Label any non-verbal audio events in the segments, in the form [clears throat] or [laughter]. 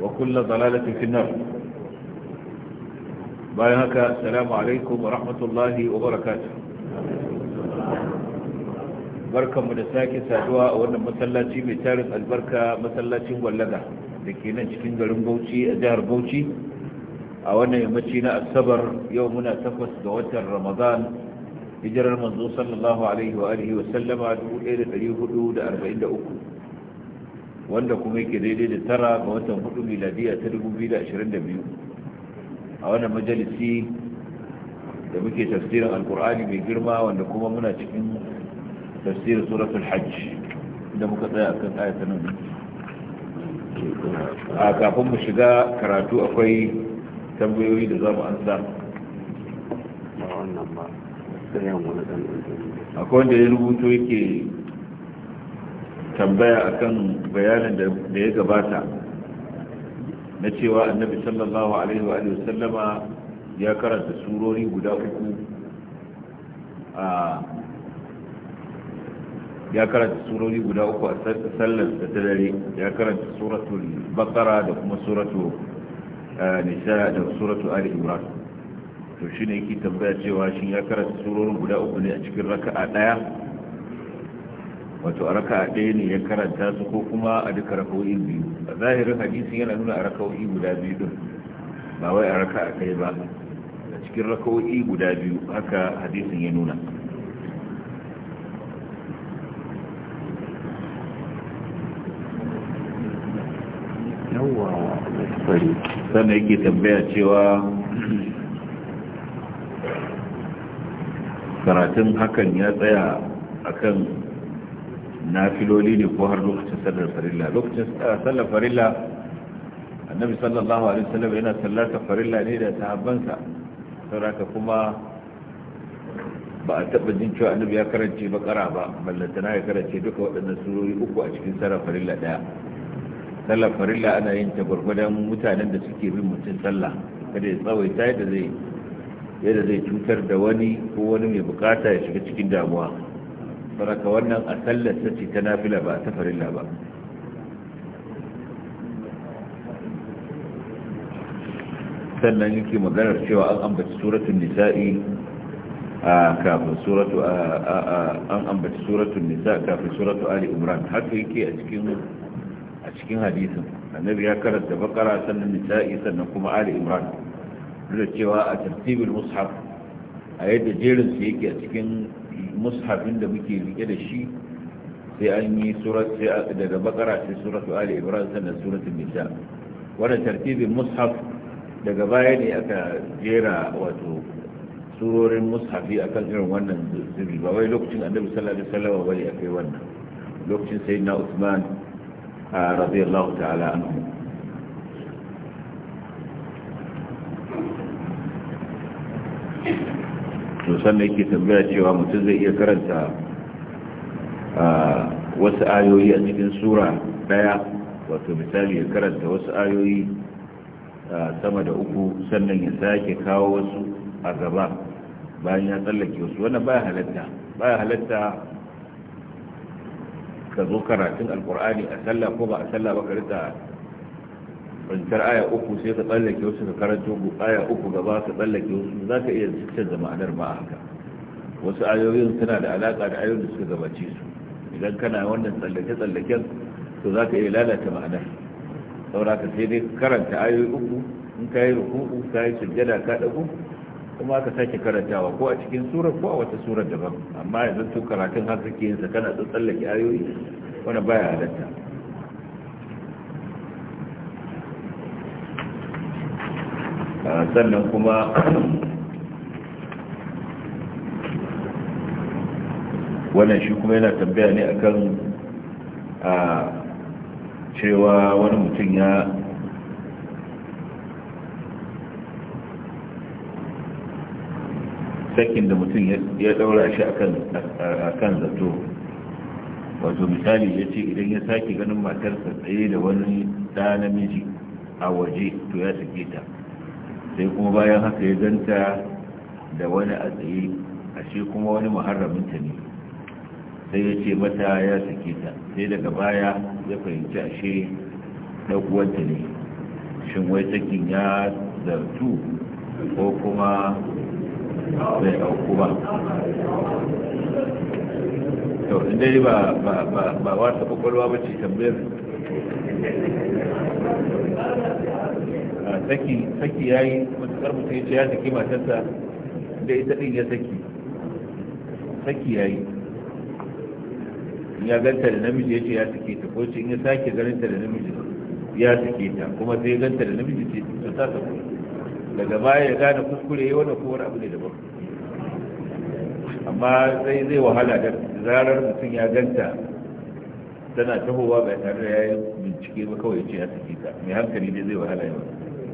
wa kulla dalalatin finnar bayan haka salamu alaikum wa rahmatullahi wa barakatuh barkanmu da sake saduwa a wannan masallaci mai tarin albarka masallacin wallaga da ke nan cikin garin bauchi a jihar bauchi a wannan yammaci na asabar yau muna takwas ga watan ramadan hijirar manzo sallallahu alaihi wa alihi wa sallama 1443 wanda kuma yake daidai da tara ga watan hudu miladiya ta 2022 a wannan majalisi da muke tafsirin alkur'ani mai girma wanda kuma muna cikin tafsirin suratul hajj da muka tsaya akan ayata nan a kafin mu shiga karatu akwai tambayoyi da za mu ansa akwai wanda ya rubuto yake tambaya akan bayanin da ya gabata na cewa annabi sallallahu alaihi wa sallama ya karanta surori guda uku a ya karanta surori guda uku a sallar da ta dare ya karanta suratul bakara da kuma suratul nisa da suratul ali imran to shine yake tambaya cewa shin ya karanta surorin guda uku ne a cikin raka'a daya wato a raka ɗaya ne ya karanta su ko kuma a duka raka'o'i biyu a zahirin hadisi yana nuna a raka'o'i guda biyu din ba wai a raka a kai ba a cikin raka'o'i guda biyu haka hadisin ya nuna sannan yake tambaya cewa karatun hakan ya tsaya akan na filoli ne ko har lokacin sallar farilla lokacin eh, sallar farilla annabi sallallahu alaihi wasallam yana ta farilla ne da sahabbansa saboda kuma ba a taba jin cewa annabi ya karance bakara ba na ya karance duka waɗannan surori uku a cikin sallar farilla ɗaya sallar farilla ana yin ta gwargwadon mutanen da suke bin mutum sallah kada ya tsawaita yadda zai yadda zai cutar da wani ko wani mai bukata ya shiga cikin damuwa saraka wannan a sallarsa ce ta nafila ba a farilla ba sannan yake maganar cewa an ambaci suratun nisa'i a kafin suratu an ambaci suratun nisa kafin suratu ali umran haka yake a cikin a cikin hadisin annabi ya karanta bakara sannan nisa'i sannan kuma ali umran duk da cewa a tartibin mushaf a yadda jerin su yake a cikin mushafin da muke rike da shi sai an yi daga bakara sai suratu ali ibrahim sannan suratun nisa wannan tartibin mushaf daga baya ne aka jera wato surorin mushafi kan irin wannan zubi ba wai lokacin annabi sallallahu alaihi wasallam bane akai wannan lokacin sayyidina usman ah, radiyallahu ta'ala anhu sannan yake tambaya cewa mutum zai iya karanta wasu ayoyi a cikin sura daya wato misali ya karanta wasu ayoyi sama da uku sannan ya sake kawo wasu a gaba bayan ya tsallake wasu wannan baya halatta baya halatta ka zo karatun alkur'ani a sallah ko ba a sallah ba ka fahimtar aya uku sai ka tsallake wasu ka karanto aya uku gaba ka tsallake wasu za ka iya canza ma'anar ma haka wasu ayoyin suna da alaƙa da ayoyin da suka gabace su idan kana wannan tsallake-tsallaken to za ka iya lalata ma'anar ka sai dai karanta ayoyi uku in ka yi rukuku ka yi sujjada ka ɗago kuma aka sake karantawa ko a cikin surar ko a wata surar daban amma yanzu tun karatun har suke yin sa kana tsallake ayoyi wani baya halatta sannan kuma wannan shi kuma yana tambaya ne akan a cewa wani mutum ya sakin da mutum ya daura shi a kan zato wato misali ya ce idan ya sake ganin matarsa tsaye da wani ɗa namiji a waje to ya sake ta sai kuma bayan haka ya ganta da wani a tsaye ashe kuma wani muharraminta ne sai ya ce mata ya sake ta sai daga baya ya fahimci ashe ɗaukuwanta ne shin wai sakin ya zartu ko kuma bai ɗauku ba to inda ba wata kwakwalwa ba ce tambayar saki saki yayi matakar mutum ya saki matarsa da ita din ya saki saki yayi ya ganta da namiji ce ya saki ta ko ce in ya sake ganinta da namiji ya saki ta kuma sai ya ganta da namiji ce ta ta daga baya ya gane kuskure ya wani kowar abu ne daban amma sai zai wahala da zarar mutum ya ganta tana tahowa bai tare da ya yi bincike ba kawai ce ya saki ta mai hankali dai zai wahala yawa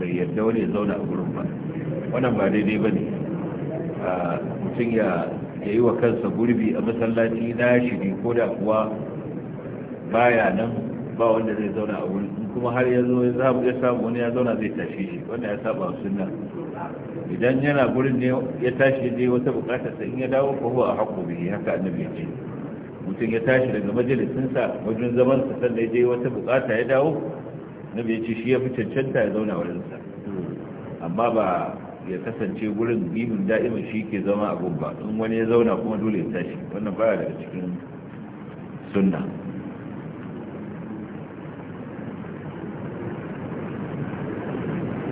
bai yadda wani ya zauna a gurin ba wannan ba daidai ba ne mutum ya yi wa kansa gurbi a masallaci na shiri ko da kuwa baya nan ba wanda zai zauna a wuri kuma har ya zo ya samu wani ya zauna zai tashi shi wanda ya saba sunna idan yana gurin ne ya tashi je wata bukata sai in ya dawo ko huwa a haƙo bihi haka annabi ya ce mutum ya tashi daga majalisinsa wajen zaman sa sannan ya je wata bukata ya dawo nabi ya ce shi ya fi cancanta ya zauna sa amma ba ya kasance wurin bimin da'imin shi ke zama a gumba in wani ya zauna kuma dole ya tashi wannan baya daga cikin sunna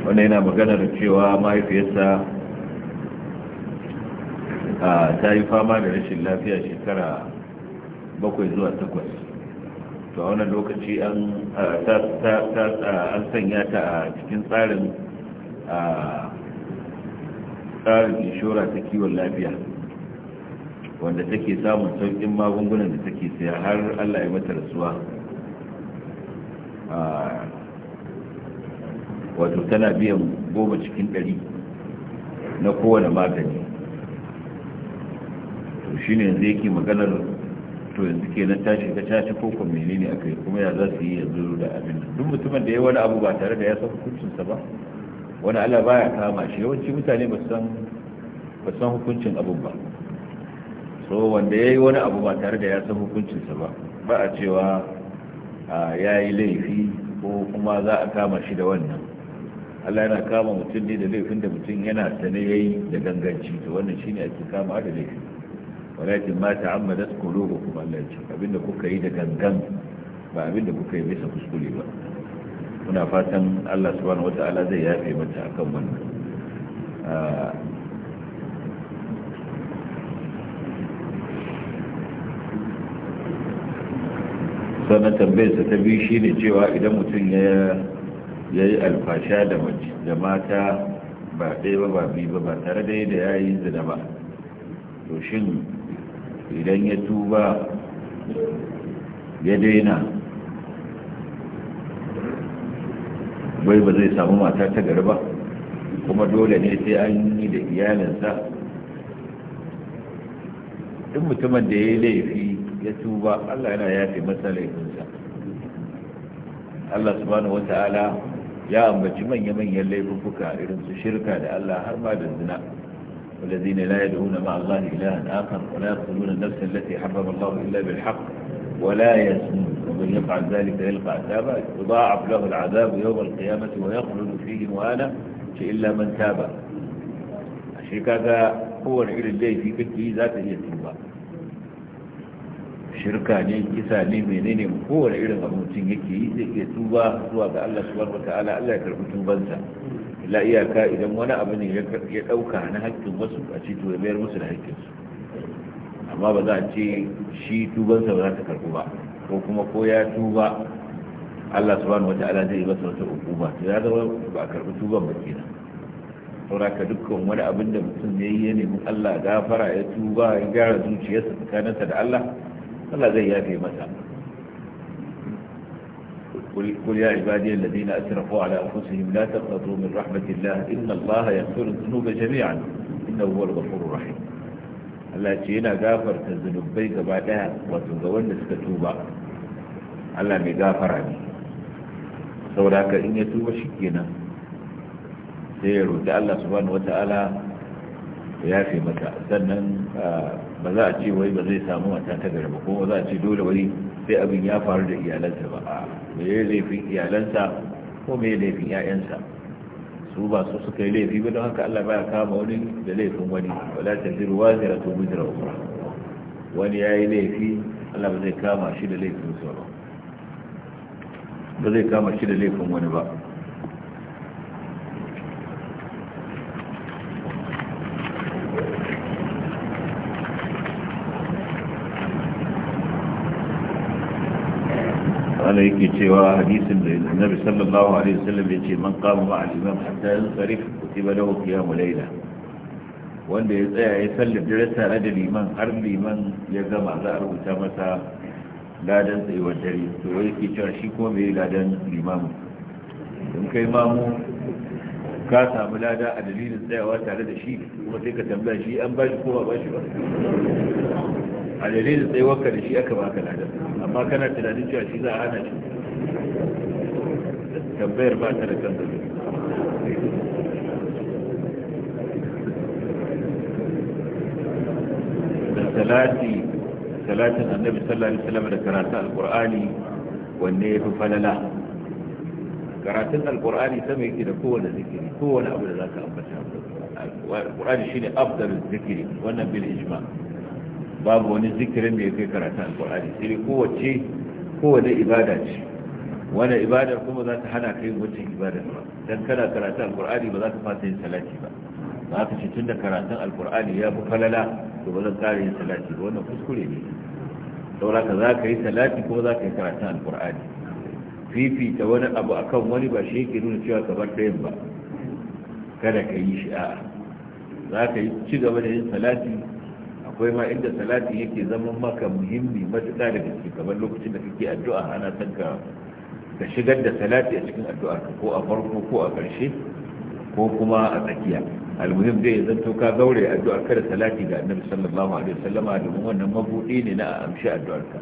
wannan yana maganar cewa mahaifiyarsa ta yi fama da rashin lafiya shekara bakwai zuwa takwas to a wannan lokaci an sanya ta a cikin tsarin tsarin inshora ta kiwon lafiya wanda take samun saukin magungunan da take saya har allah ya mata rasuwa wato tana biyan goma cikin ɗari na kowane magani to shine yanzu yake maganar to yanzu kenan ta shiga ta ci koko menene aka yi kuma ya za su yi yanzu da abin duk mutumin da ya wani abu ba tare da ya san hukuncinsa ba wani Allah baya kama shi yawanci mutane ba san ba san hukuncin abu ba so wanda ya yi wani abu ba tare da ya san hukuncinsa ba ba a cewa ya yi laifi ko kuma za a kama shi da wannan Allah yana kama mutum ne da laifin da mutum yana sane ya yi da ganganci to wannan shine ake kama da laifi walakin ma ta'ammadat qulubukum Allah ce abinda kuka yi da gangan ba abinda kuka yi bisa kuskure ba muna fatan Allah subhanahu wata'ala zai yafe mata akan wannan ah. sannan tambayarsa ta biyu shine cewa idan mutum ya yi alfasha da mata ba ɗaya ba ba biyu ba tare da da ya yi zina ba to shin idan ya tuba ya daina bai ba zai samu mata ta gari ba kuma dole ne sai an yi da iyalinsa duk mutumin da ya yi laifi ya tuba allah yana yafe masa laifinsa allah subhanahu ta'ala ya ambaci manya-manyan laifuka irin su shirka da allah har ma da zina والذين لا يدعون مع الله إلها آخر ولا يقتلون النفس التي حرم الله إلا بالحق ولا يسمون ومن يفعل ذلك يلقى عذابا يضاعف له العذاب يوم القيامة ويخلد فيه مهانا إلا من تاب الشركة هو نعيل الله في بدي ذاته يتنبع الشركة ينكسى نمينين هو نعيل الله يتنبع سواء الله سبحانه وتعالى ألا الله يتنبع la iyaka idan wani abu ne ya ɗauka na haƙƙin wasu a ce to ya bayar musu da haƙƙinsu amma ba za a ce shi tubansa ba za ta karɓi ba ko kuma ko ya tuba Allah subhanahu wa ta'ala zai masa wata hukuma to ya zama ba a karɓi tuban ba kenan saboda ka dukkan wani abin da mutum ya yi ya nemi Allah gafara ya tuba ya gyara zuciyarsa tsakaninsa da Allah Allah zai yafe masa قل يا عبادي الذين أسرفوا على أنفسهم لا تقضوا من رحمة الله إن الله يغفر الذنوب جميعا إنه هو الغفور الرحيم الله تينا غافر تذنب بيك بعدها وتنقوان نسكتوبا الله مغافر عني سوراك إن يتوب شكينا سير الله سبحانه وتعالى يا في متى سنن ba za a ce wai ba zai samu mata ta garba kuma za a ce dole wani sai abin ya me ya laifin iyalansa ko me ya laifin 'ya'yansa su ba su suka yi laifi ba don haka Allah baya kama wani da laifin wani wala wa zira to mujra wa wani yi laifi Allah ba zai kama shi da laifin ba ba zai kama shi da laifin wani ba mala yake cewa hadisin da annabi sallallahu alaihi wasallam ya ce man qama ma'a al-imam hatta yansarif kutiba lahu qiyamul layla wanda ya tsaya ya sallar dare tare da liman har liman ya gama za a rubuta masa ladan tsayuwar dare to yake cewa shi kuma mai ladan liman in kai mamu ka samu lada a dalilin tsayawa tare da shi kuma sai ka tambaya shi an ba shi ko ba shi ba a tsaye tsayuwarka da shi aka baka ladar amma kana tunanin cewa shi za a hana shi tambayar ba ta da kan da salati salatin annabi sallallahu alaihi wasallam da karatun alqur'ani wanne yafi falala karatun alqur'ani sama yake da kowane zikiri kowane abu da zaka ambata alqur'ani shine afdalu zikiri wannan bil ijma' babu wani zikirin da ya kai karatun alkur'ani sai kowace kowane ibada ce wani ibadar kuma za ta hana ka yin wancan ibadar ba dan kana karatun alkur'ani ba za ka fasa yin salati ba ba ka ce tun da karatun alkur'ani ya fi falala to ba zan kare yin salati ba wannan kuskure ne saboda ka za ka yi salati kuma za ka yi karatun alkur'ani fifita wani abu akan wani ba shi yake nuna cewa kamar ɗayan ba kada ka yi shi a'a za ka yi ci gaba da yin salati akwai ma inda salati yake zama maka muhimmi matuƙa da gaske kamar lokacin da kake addu'a ana son ka ka shigar da salati a cikin addu'a ko a farko ko a ƙarshe ko kuma a tsakiya almuhim dai to ka gaure addu'a kada salati ga annabi sallallahu alaihi wasallama domin wannan mabudi ne na amshi addu'arka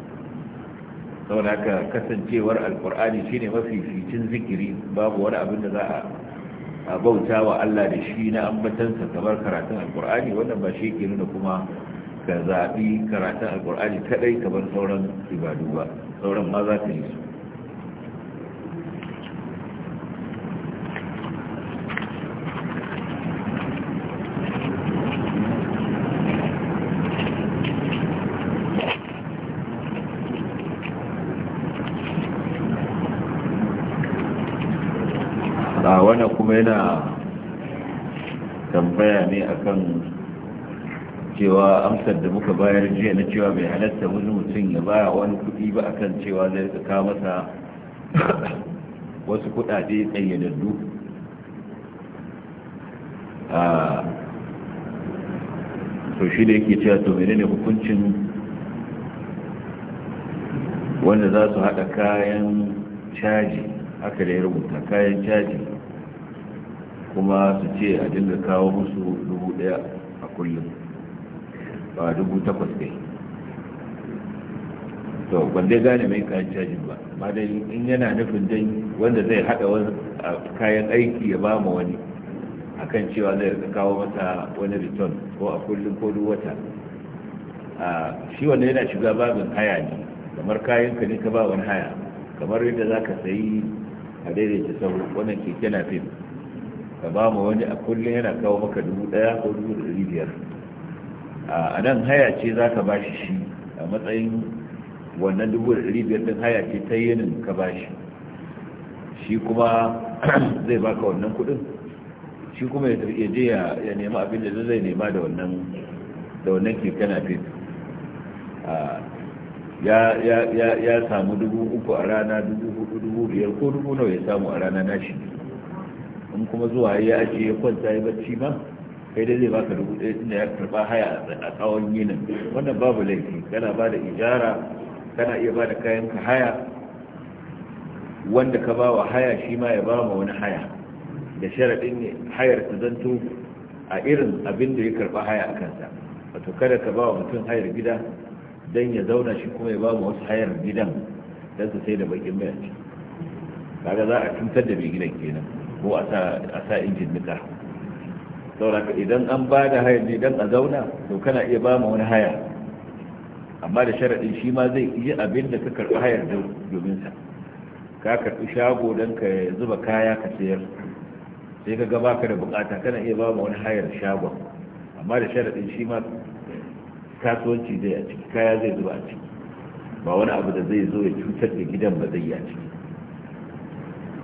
saboda haka kasancewar alqur'ani shine mafi fitin zikiri babu wani abin da za a bauta wa Allah da shi na ambatansa kamar karatun alqur'ani wannan ba shi ke nuna kuma ka zaɓi karatun Alƙur'ani kaɗai ka bar sauran ibadu ba sauran ma za ka yi su wannan kuma yana tambaya ne akan cewa amsar da muka bayar jiya na cewa bai halatta wani mutum ya baya wani kuɗi ba akan cewa zai ka masa wasu kuɗaɗe ƙayyadaddu a to shi da yake cewa to menene hukuncin wanda za su haɗa kayan caji haka da ya rubuta kayan caji kuma su ce a dinga kawo musu dubu ɗaya a kullum ba dubu takwas kai to ban dai gane mai kayan cajin ba ba dai in yana nufin dai wanda zai haɗa wani kayan aiki ya ba ma wani akan cewa zai rika kawo masa wani return ko a kullum ko duk wata shi wanda yana shiga babin haya ne kamar kayan ka ne ka ba wani haya kamar yadda za ka sayi a daidaita sauro wannan keke na fim ka ba mu wani a kullum yana kawo maka dubu ɗaya ko dubu dari biyar a nan haya ce za ka ba shi shi a matsayin wannan dubu da ɗari biyar ɗin haya ce ta yinin ka ba shi shi kuma [clears throat] zai baka wannan kuɗin shi kuma ya je ya nema abin da zai nema da wannan da wannan kana nafe ya samu dubu uku a rana dubu hudu dubu biyar ko dubu nawa ya samu a rana nashi in kuma zuwa ya ajiye kwanta ya bacci ma kai dai zai baka dubu ɗaya tunda ya karba haya a tsawon yinin wannan babu laifi kana ba da ijara kana iya ba da kayan ka haya wanda ka ba wa haya shi ma ya ba ma wani haya da sharaɗin ne hayar ta zanto a irin abin da ya karba haya a kansa wato kada ka ba wa mutum hayar gida don ya zauna shi kuma ya ba ma wasu hayar gidan don su sai da bakin bayanci kaga za a cutar da mai gidan kenan ko a sa injin nika sauraka idan an ba da hayar ne don a zauna to kana iya ba mu wani haya amma da sharaɗin shi ma zai yi abin da ka karɓi hayar domin sa ka karɓi shago don ka zuba kaya ka sayar sai ka gaba ka da bukata kana iya ba mu wani hayar shagon amma da sharaɗin shi ma kasuwanci zai a ciki kaya zai zuba a ciki ba wani abu da zai zo ya cutar da gidan ba zai yi a ciki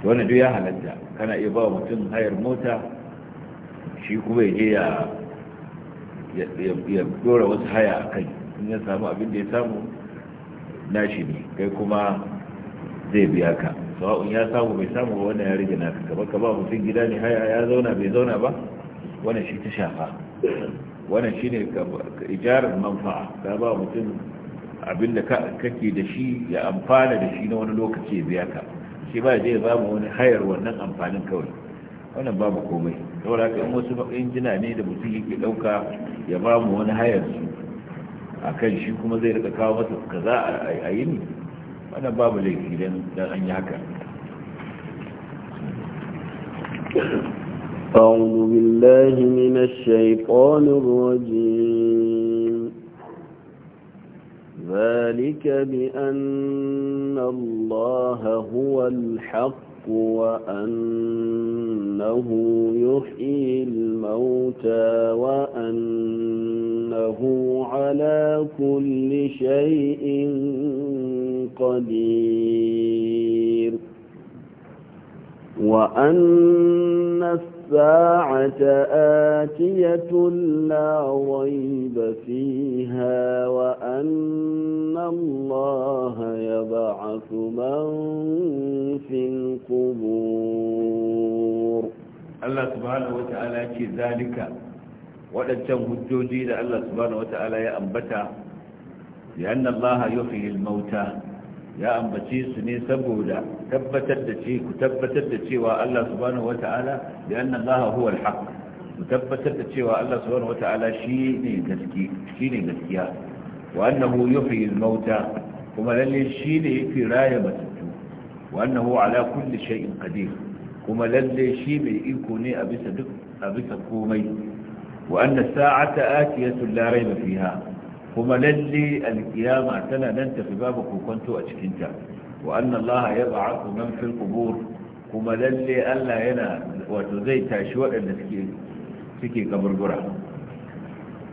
wannan duk ya halatta kana iya ba mutum hayar mota shi kuma ya je ya dora wasu haya a kai in ya samu abin da ya samu nashi ne kai kuma zai biya ka sawa'un ya samu bai samu ba wanda ya rage naka gaba ka ba mutum gida ne haya ya zauna bai zauna ba wannan shi ta shafa wannan shi ne ijarar manfa'a ka ba mutum abin da kake da shi ya amfana da shi na wani lokaci ya biya ka shi ba zai ba mu wani hayar wannan amfanin kawai wannan babu komai saboda haka in wasu injina ne da mutum yake dauka ya ba mu wani hayar su a kan shi kuma zai rika kawo masa kaza a yi ne wannan babu laifi dan dan an yi haka أعوذ بالله من الشيطان الرجيم ذلك بأن الله هو الحق وأنه يحيي الموتى وأنه على كل شيء قدير وأن الساعة الساعة آتية لا ريب فيها وأن الله يبعث من في القبور الله سبحانه وتعالى كذلك ولكن هدوجين الله سبحانه وتعالى يا أنبتا لأن الله يحيي الموتى ya ambace su ne saboda tabbatar da ce ku tabbatar da cewa Allah subhanahu wata'ala da annan Allah huwa al-haq ku tabbatar da cewa Allah subhanahu wata'ala shine gaske shine gaskiya wa annahu yuhyi al-mauta kuma lalle shine yake raya matattu wa annahu ala kulli shay'in qadir kuma lalle shi mai iko ne a bisa duk a bisa komai wa anna sa'ata atiyatu la rayba fiha kuma lalle alkiyama tana nan tafi babu kokonto a cikinta wa anna Allah ya ba'athu man fil qubur kuma lalle Allah yana wato zai tashi waɗanda suke suke kaburbura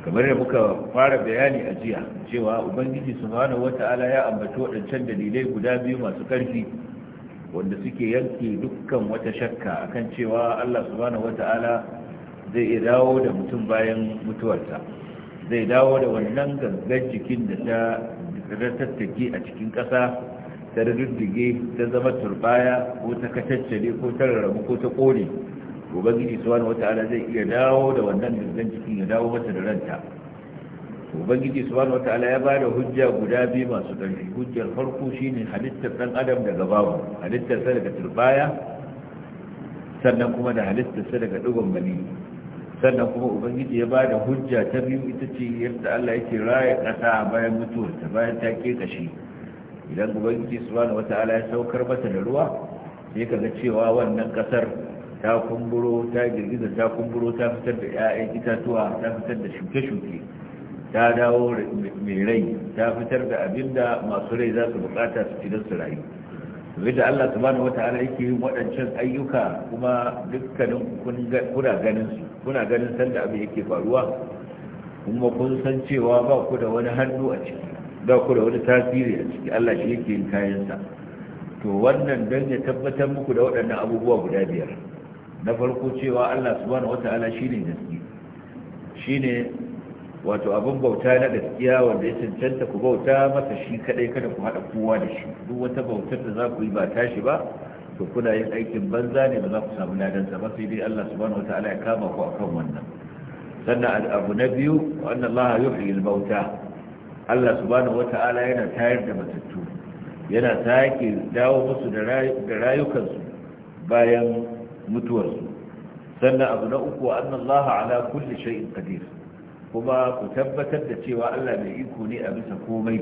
kamar da muka fara bayani a jiya cewa ubangiji subhanahu wata'ala ya ambaci waɗancan dalilai guda biyu masu ƙarfi wanda suke yanke dukkan wata shakka akan cewa Allah subhanahu wata'ala zai iya dawo da mutum bayan mutuwarsa zai dawo da wannan gangan jikin da ta tattake a cikin ƙasa ta ruddige ta zama turbaya ko ta kataccele ko ta rarrabu ko ta kone ubangiji wata ala zai iya dawo da wannan gangan jikin ya dawo mata da ranta ubangiji wata ala ya ba da hujja guda biyu masu ƙarfi hujjar farko shine halittar ɗan adam daga babu halittar sa daga turbaya sannan kuma da halittar sa daga dugon maniyyi sannan kuma ubangiji ya bada hujja ta biyu ita ce yadda Allah yake raya kasa a bayan mutuwarta bayan ta ke kashi idan ubangiji subhanahu wata'ala ya saukar mata da ruwa sai kaga cewa wannan kasar ta kumburo ta girgiza ta kumburo ta fitar da 'ya'yan itatuwa ta fitar da shuke-shuke ta dawo mai rai ta fitar da abinda masu rai za su bukata su ci don su rayu da Allah subhanahu ala yake yin waɗancan ayyuka kuma dukkanin kuna ganin sanda abin yake faruwa kuma kun san cewa ba ku da wani hannu a ciki ba ku da wani tasiri a ciki Allah shi yake yin kayansa to wannan dan ya tabbatar muku da waɗannan abubuwa guda biyar na farko cewa Allah subhanahu wata'ala shine gaske shine wato abin bauta na gaskiya wanda ya cancanta ku bauta masa shi kadai kada ku haɗa kowa da shi duk wata bautar da za ku yi ba tashi ba to kuna yin aikin banza ne ba za ku samu ladansa ba sai dai Allah subhanahu wataala ya kama ku akan wannan sannan abu na biyu wa anna Allah yuhyi al-mauta Allah subhanahu wataala yana tayar da matattu yana sake dawo musu da rayukansu bayan mutuwarsu sannan abu na uku wa anna Allah ala kulli shay'in qadir kuma ku tabbatar da cewa Allah mai iko ne a bisa komai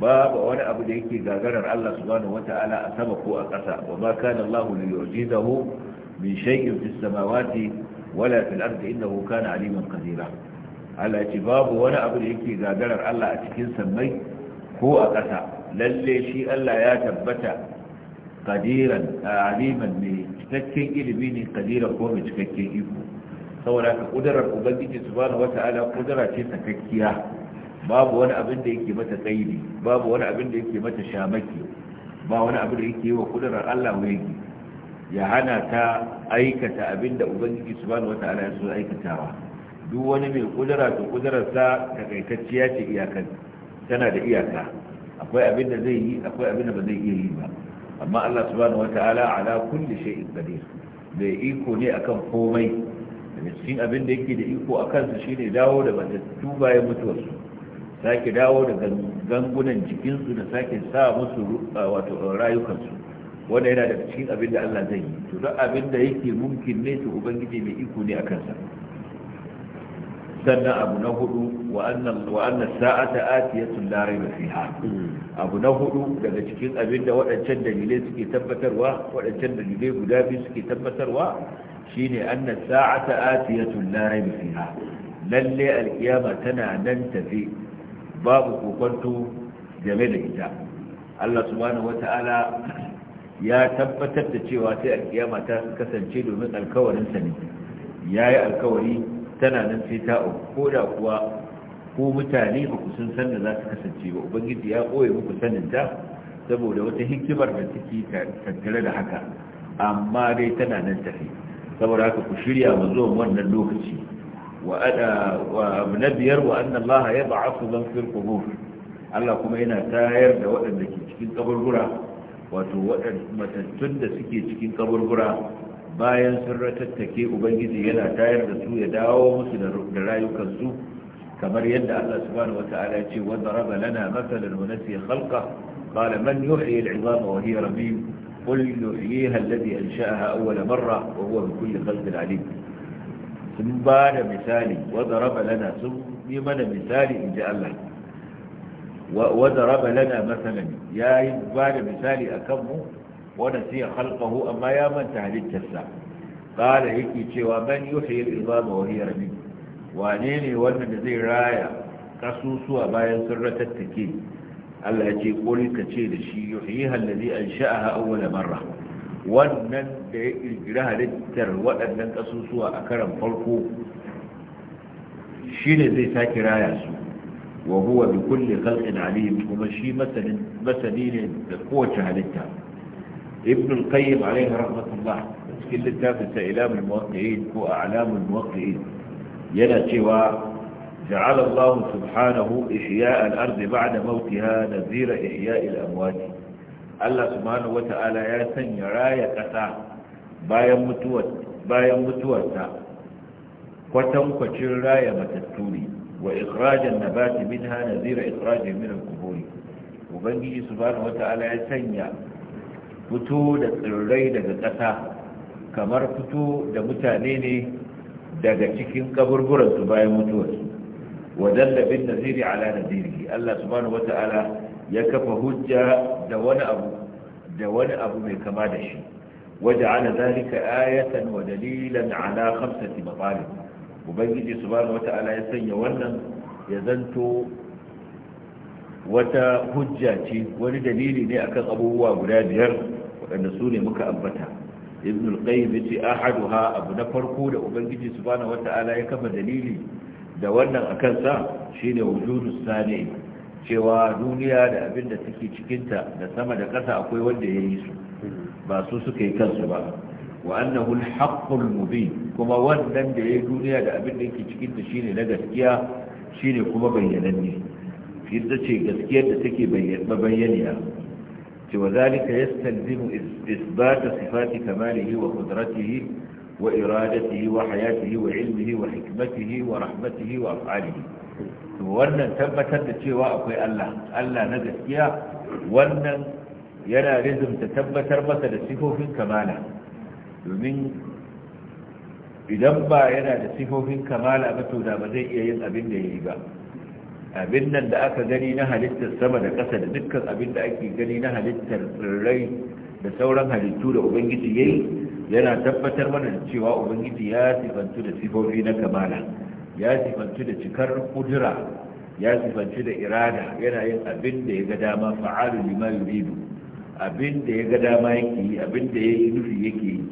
babu wani abu da yake gagarar Allah subhanahu wata'ala a sama ko a ƙasa wa ma kana Allah li yu'jizahu min shay'in fis samawati wala fil ardi innahu kana aliman qadira Allah ya ce babu wani abu da yake gagarar Allah a cikin sammai ko a ƙasa lalle shi Allah ya tabbata qadiran aliman ne cikakken ilimi ne qadira ko mai cikakken iko saboda ka kudurar ubangiji subhanahu ala kudura ce sakakkiya babu wani abin da yake mata tsayi babu wani abin da yake mata shamaki ba wani abin da yake wa kudurar Allah wayegi ya hana ta aikata abin da ubangiji subhanahu ala ya so aikatawa duk wani mai kudura to ta takaitacciya ce iyakan tana da iyaka akwai abin da zai yi akwai abin da ba zai iya yi ba amma Allah subhanahu wata'ala ala kulli shay'in qadir bai iko ne akan komai miskin abin da yake da iko a kansu shine dawo da matattu bayan mutuwarsu sake dawo da gangunan jikinsu da sake sa musu wato rayukansu wanda yana daga cikin abin da Allah zai yi to duk abin da yake mumkin ne to ubangiji mai iko ne a kansa sannan abu na hudu wa annan sa'ata atiyatun larai da fiha abu na hudu daga cikin abin da waɗancan dalilai suke tabbatarwa waɗancan dalilai guda biyu suke tabbatarwa shine anna sa'ata atiyatun la rayba fiha lalle alkiyama tana nan tafi babu kokonto game da ita Allah subhanahu wata'ala ya tabbatar da cewa sai alkiyama ta kasance domin alkawarin sa ne yayi alkawari tana nan sai ta ko da kuwa ko mutane ba ku sun san da za su kasance ba ubangiji ya koye muku sanin ta saboda wata hikimar da take tattare da haka amma dai tana nan tafe. saboda haka ku shirya wa zuwan wannan lokaci wa ada wa na biyar wa anna Allah ya ba'athu man fil qubur Allah kuma yana tayar da waɗanda ke cikin kaburbura wato waɗanda matattun da suke cikin kaburbura bayan sun ratattake ubangiji yana tayar da su ya dawo musu da rayukansu kamar yadda Allah subhanahu wata'ala ya ce wa daraba lana mathalan wa nasiya khalqa qala man yuhyi al'izama wa hiya ramim قل يحييها الذي أنشأها أول مرة وهو بكل خلق عليم sun ba da misali wadda raba sun yi mana misali in ji Allah wadda raba lana ya yi ba misali a kanmu wadda sai ya halkahu amma ya manta halittarsa ƙala yake cewa ban yi wata yin ilma wani wannan da zai raya ƙasusuwa bayan sun Allah ya ce kul ka ce da shi yuhyiha allazi ansha'aha awwala marra wannan da ya kirkira halittar waɗannan kasusuwa a karan farko ne zai sake raya su wa huwa bi kulli khalqin alim kuma shi masani ne da kowace halitta ibn al-qayyim alayhi rahmatullah cikin littafin sa ilamul muwaqqi'in ko a'lamul muwaqqi'in yana cewa جعل الله سبحانه إحياء الأرض بعد موتها نذير إحياء الأموات الله سبحانه وتعالى يا سن راية قطع بايا متوتا وتم كتير راية متتولي وإخراج النبات منها نذير إخراجه من القبور وبنجي سبحانه وتعالى يا سن fito da tsirrai daga ƙasa kamar fito da mutane ne daga cikin kaburburansu bayan mutuwarsu wadalla bin naziri ala nazirihi Allah subhanahu wata'ala ya kafa hujja da wani abu mai kama da shi waja'ala zalika ayatan wa dalilan ala khamsati matalib ubangiji subhanahu wata'ala ya sanya wannan ya zanto wata hujja ce wani dalili ne akan abubuwa guda biyar waɗanda su ne muka ambata ibn al-qayyim yace ahaduha abu na farko da ubangiji subhanahu wata'ala ya kafa dalili da wannan a kansa shi ne wujudus sani cewa duniya da abin da take cikinta da sama da ƙasa akwai wanda ya yi su ba su suka yi kansu ba wa annahu al-haqqul mubin kuma wannan da ya yi duniya da abin da yake cikinta shine na gaskiya shine kuma bayyananne shi ta ce gaskiyar da take bayyaniya ce wa zalika yastalzimu isbat sifati kamalihi wa qudratihi وإرادته وحياته وعلمه وحكمته ورحمته وأفعاله wannan tabbatar da cewa akwai Allah Allah na gaskiya wannan yana rizumta tabbatar masa da sifofin kamala domin idan ba yana da sifofin kamala ba to da ba zai iya yin abin da yayi ba abin nan da aka gani na halittar sama da ƙasa da dukkan abin da ake gani na halittar tsirrai da sauran halittu da ubangiji yayi yana tabbatar mana da cewa ubangiji ya sifantu da sifofi na kamala ya sifantu da cikar kudura ya sifantu da irada yana yin abin da ya ga dama fa'alu lima yuridu abin da ya ga dama yake yi abin da ya yi nufi yake yi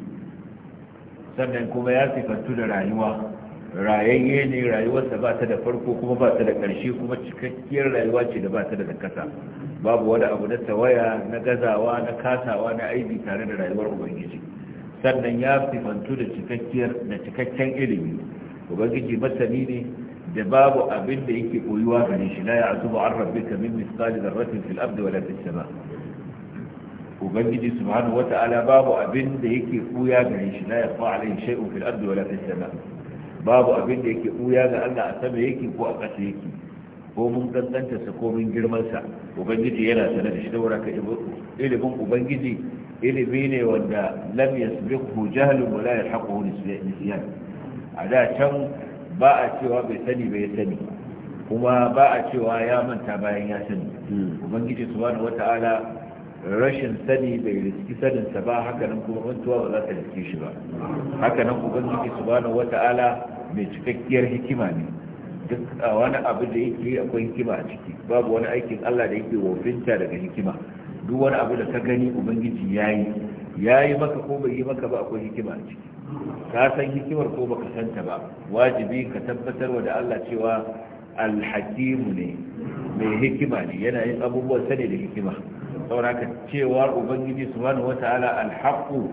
sannan kuma ya sifantu da rayuwa rayayye ne rayuwarsa ba ta da farko kuma ba ta da ƙarshe kuma cikakkiyar rayuwa ce da ba ta da kasa babu wani abu na tawaya na gazawa na kasawa na aibi tare da rayuwar ubangiji sannan ya sifantu da da cikakken ilimi ubangiji masani ne da babu abin da yake koyuwa gare shi la ya'zubu an rabbi rabbika min misqali dharratin fil da wala fis sama ubangiji subhanahu wata'ala babu abin da yake koya ga shi la yafa alayhi shay'un fil ardi wala fis sama babu abin da yake koya ga Allah a sama yake ko a ƙasa yake ko mun kankanta sa ko mun girman sa ubangiji yana sanar da shi saboda ka ilimin ubangiji ilimi ne wanda lam yasbiqhu jahlun wala yalhaquhu nisyan a da can ba a cewa bai sani bai sani kuma ba a cewa ya manta bayan ya sani hmm. ubangiji subhanahu wata'ala rashin sani bai riski saninsa ba hakanan kuma mantuwa ba za ta riske shi ba hakanan ubangiji subhanahu wata'ala mai cikakkiyar hikima ne duk a wani abu da yake akwai hikima a ciki babu wani aikin Allah da yake wofinta daga hikima duk wani abu da ka gani ubangiji yayi yayi maka ko bai yi maka ba akwai hikima a ciki ka san hikimar ko baka santa ba wajibi ka tabbatar wa da Allah cewa alhakimu ne mai hikima ne yana yin abubuwan sane da hikima saboda ka cewa ubangiji subhanahu wataala alhaqu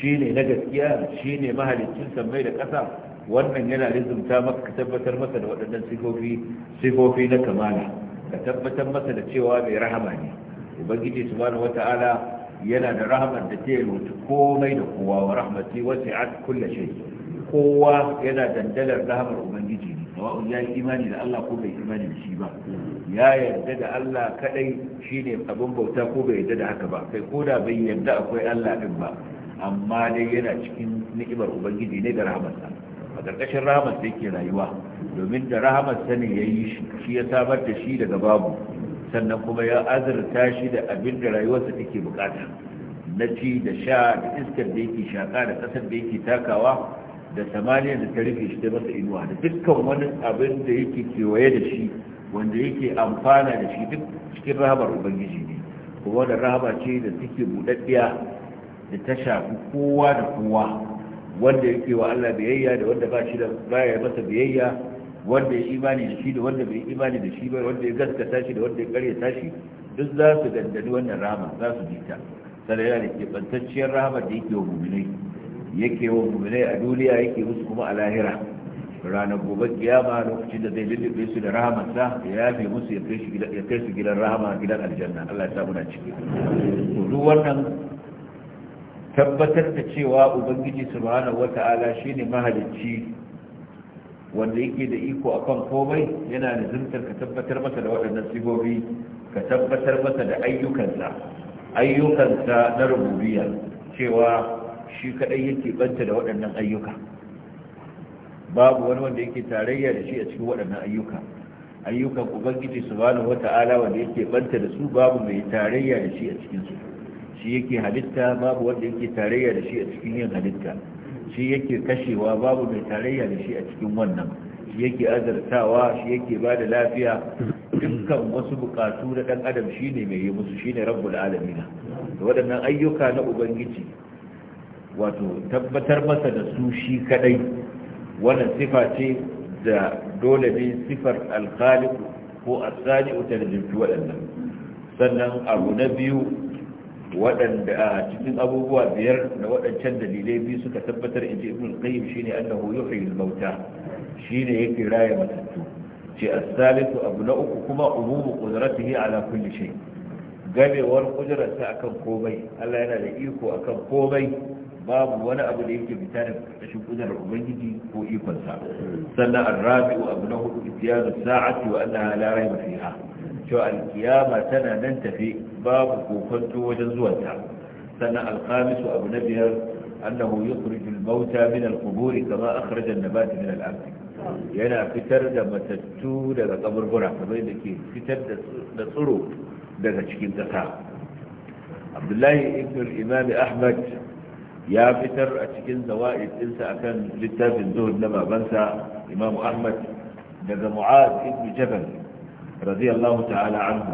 shine na gaskiya shine mahaliccin sammai da ƙasa wannan yana lizumta maka ka tabbatar masa da waɗannan sifofi sifofi na kamala ka tabbatar masa da cewa mai rahama ne ubangiji subhanahu wata'ala yana da rahamar da ta yi komai da kowa wa rahmati wasi'at kulle shay kowa yana dandalar rahamar ubangiji ne sawa'un ya yi imani da Allah ko bai imani da shi ba ya yarda da Allah kadai shine abin bauta ko bai yarda da haka ba kai ko da bai yarda akwai Allah din ba amma dai yana cikin ni'imar ubangiji ne da rahamarsa a ƙarƙashin rahamar da yake rayuwa domin da rahamar sani ya yi shi ya samar da shi daga babu sannan kuma ya azurta shi da abin da rayuwarsa take bukata na ci da sha da iskar da yake shaka da ƙasar da yake takawa da samaniyar da ta rufe shi ta masa inuwa da dukkan wani abin da yake kewaye da shi wanda yake amfana da shi duk cikin rahabar ubangiji ne kuma da Rahama ce da take buɗaɗɗiya da ta shafi kowa da kowa wanda yake wa Allah biyayya da wanda ba shi da baya masa biyayya wanda ya imani da shi da wanda bai imani da shi ba wanda ya gaskata shi da wanda ya karyata shi duk za su dandani wannan rahama za su ji ta sai yana da kebantacciyar rahama da yake wa muminai yake wa muminai a duniya yake musu kuma a lahira ranar gobe kiyama lokacin da zai lullube su da rahamarsa ya yafe musu ya kai su gidan rahama gidan aljanna Allah ya sa muna ciki to duk wannan tabbatar da cewa ubangiji subhanahu wata'ala shine mahalicci wanda yake da iko akan komai yana nizimtar ka tabbatar masa da waɗannan sigobi ka tabbatar masa da ayyukansa ayyukansa na rububiyya cewa shi kadai yake banta da waɗannan ayyuka babu wani wanda yake tarayya da shi a cikin waɗannan ayyuka ayyukan ubangiji subhanahu wata'ala wanda yake banta da su babu mai tarayya da shi a cikin su shi yake halitta babu wanda yake tarayya da shi a cikin yin halitta shi yake kashewa babu mai tarayya da shi a cikin wannan shi yake azartawa shi yake ba da lafiya dukkan wasu bukatu na dan adam shi ne mai yi musu shi ne rabbul alamina da waɗannan ayyuka na ubangiji wato tabbatar masa da su shi kadai wannan sifa ce da dole ne sifar alkhaliku ko asali ta da waɗannan sannan abu na biyu waɗanda a cikin abubuwa biyar da waɗancan dalilai biyu suka tabbatar in ji ibn qayyim shine annahu yuhyi al-mauta shine yake raya matattu ce as-salisu abu na uku kuma umumu qudratihi ala kulli shay gamewar kudrarsa akan komai Allah yana da iko akan komai babu wani abu da yake fita da kashin kujerar ubangiji ko ikonsa sannan Rabi'u abu na hudu itiyadu sa'ati wa annaha la rayba fiha cewa alkiyama tana nan tafi babu kokonto wajen zuwanta sannan alkhamisu abu na biyar annahu yukhriju al-mauta min al-quburi kama akhraja an-nabat min al-ard yana fitar da matattu daga kaburbura kamar da ke fitar da tsiro daga cikin kasa abdullahi ibn al-imam ahmad ya fitar a cikin zawa'id dinsa akan littafin zuhud na babansa imam ahmad daga mu'az ibn jabal رضي الله تعالى عنه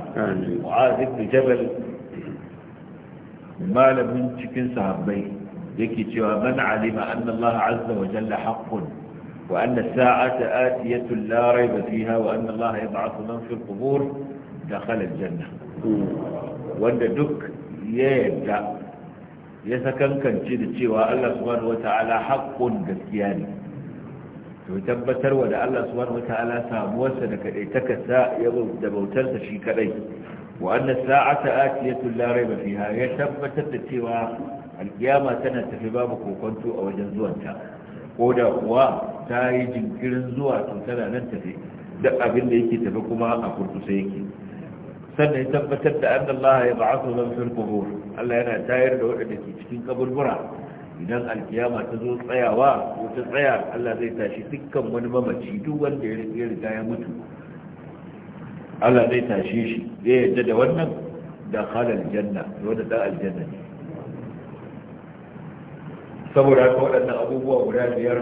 معاذ بن malamin cikin sahabbai yake cewa man alima anna Allah azza wa jalla haqqun wa anna sa'ata atiyatu la rayba fiha wa anna Allah yab'athu man fi al-qubur dakhala al-janna wanda duk ya yadda ya sakankance da cewa Allah subhanahu wa ta'ala haqqun gaskiya ne to tabbatar wa da Allah subhanahu wataala samuwarsa da kadai takasa ya da bautarsa shi kadai wa anna sa'ata atiyatu la rayba fiha ya tabbatar da cewa alkiyama tana tafi babu kokonto a wajen zuwanta ko da kuwa ta yi jinkirin zuwa to tana nan tafi duk abin da yake tafi kuma a kurkusa yake sannan ya tabbatar da annallaha ya ba'athu man fil qubur Allah yana tayar da wadanda ke cikin kaburbura idan alkiyama ta zo tsayawa ko ta tsaya Allah zai tashi dukkan wani mamaci duk wanda ya riga ya mutu Allah zai tashi shi zai yadda da wannan da halal janna wanda da aljanna ne saboda haka waɗannan abubuwa guda biyar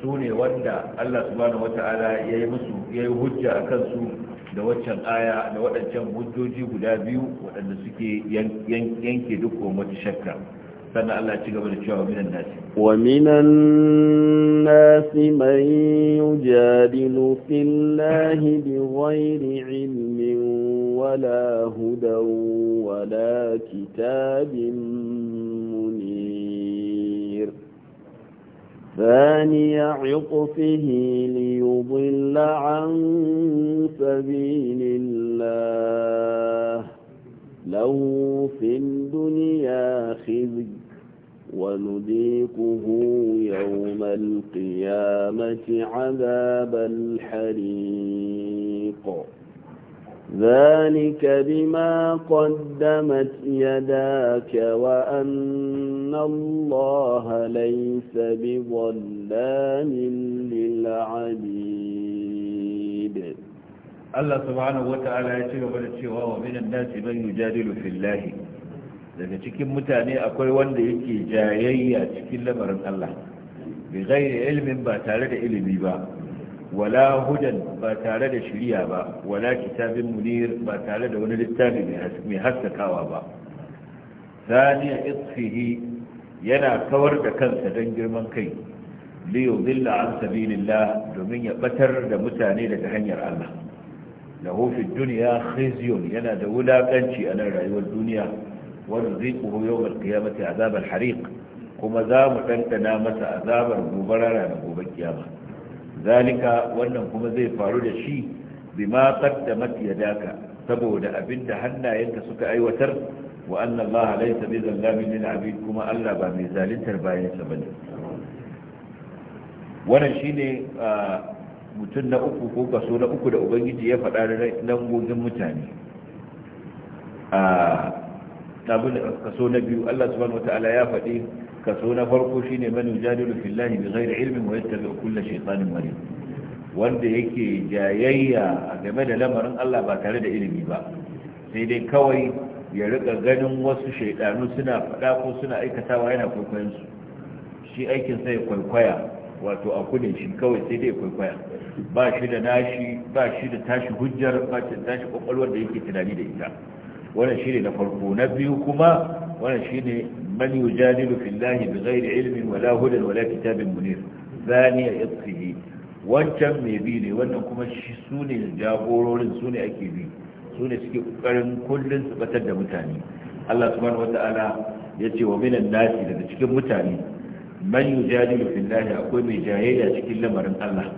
su ne wanda Allah subhanahu wata'ala ya yi musu ya yi hujja a kansu da waccan aya da waɗancan hujjoji guda biyu waɗanda suke yanke duk wata shakka ومن الناس من يجادل في الله بغير علم ولا هدى ولا كتاب منير ثاني عطفه ليضل عن سبيل الله له في الدنيا خذ ونذيقه يوم القيامة عذاب الحريق ذلك بما قدمت يداك وأن الله ليس بظلام للعبيد الله سبحانه وتعالى يتبع بالتشواء ومن الناس من يجادل في الله daga cikin mutane akwai wanda yake jayayya cikin lamarin Allah bi ghairi ilmin ba tare da ilimi ba wala hudan ba tare da shiriya ba wala kitabin munir ba tare da wani littafi mai haskakawa ba thaniya itfihi yana kawar da kansa don girman kai liyudilla an sabilillah domin ya batar da mutane daga hanyar Allah lahu fi dunya khizyun yana da wulakanci a nan rayuwar duniya ونذيقه يوم القيامة عذاب الحريق كما زام تنتنا مسا عذاب المبرر نبوب القيامة ذلك وأنهم كما زي فارد الشيء بما قدمت يداك سبود أبنت حنا ينتسك أي أيوة وتر وأن الله ليس بظلام للعبيد كما ألا بمثال ترباية سبني wannan shine mutum na uku ko kaso na uku da ubangiji ya faɗa na gogin mutane da kaso na biyu Allah subhanahu wataala ya faɗi kaso na farko shine man yujadilu fillahi bighairi ilmin wa yattabi'u kulla shaytanin marid wanda yake jayayya game da lamarin Allah ba tare da ilimi ba sai dai kawai ya rika ganin wasu shaiɗanu suna faɗa ko suna aikatawa yana kwaikwayon su shi aikin sai kwaikwaya wato a kudin shi kawai sai dai kwaikwaya ba shi da nashi ba shi da tashi hujjar ba shi da tashi kwakwalwar da yake tunani da ita wannan shine na farko na biyu kuma wannan shine man yujadilu fillahi bighairi ilmin wala hudan wala kitabin munir zaniya yatfihi wancan mai bi ne wannan kuma shi su ne jagororin su ne ake bi su ne suke kokarin kullun su batar da mutane Allah subhanahu wata'ala ya ce wa minan nasi daga cikin mutane man yujadilu fillahi akwai mai jayayya cikin lamarin Allah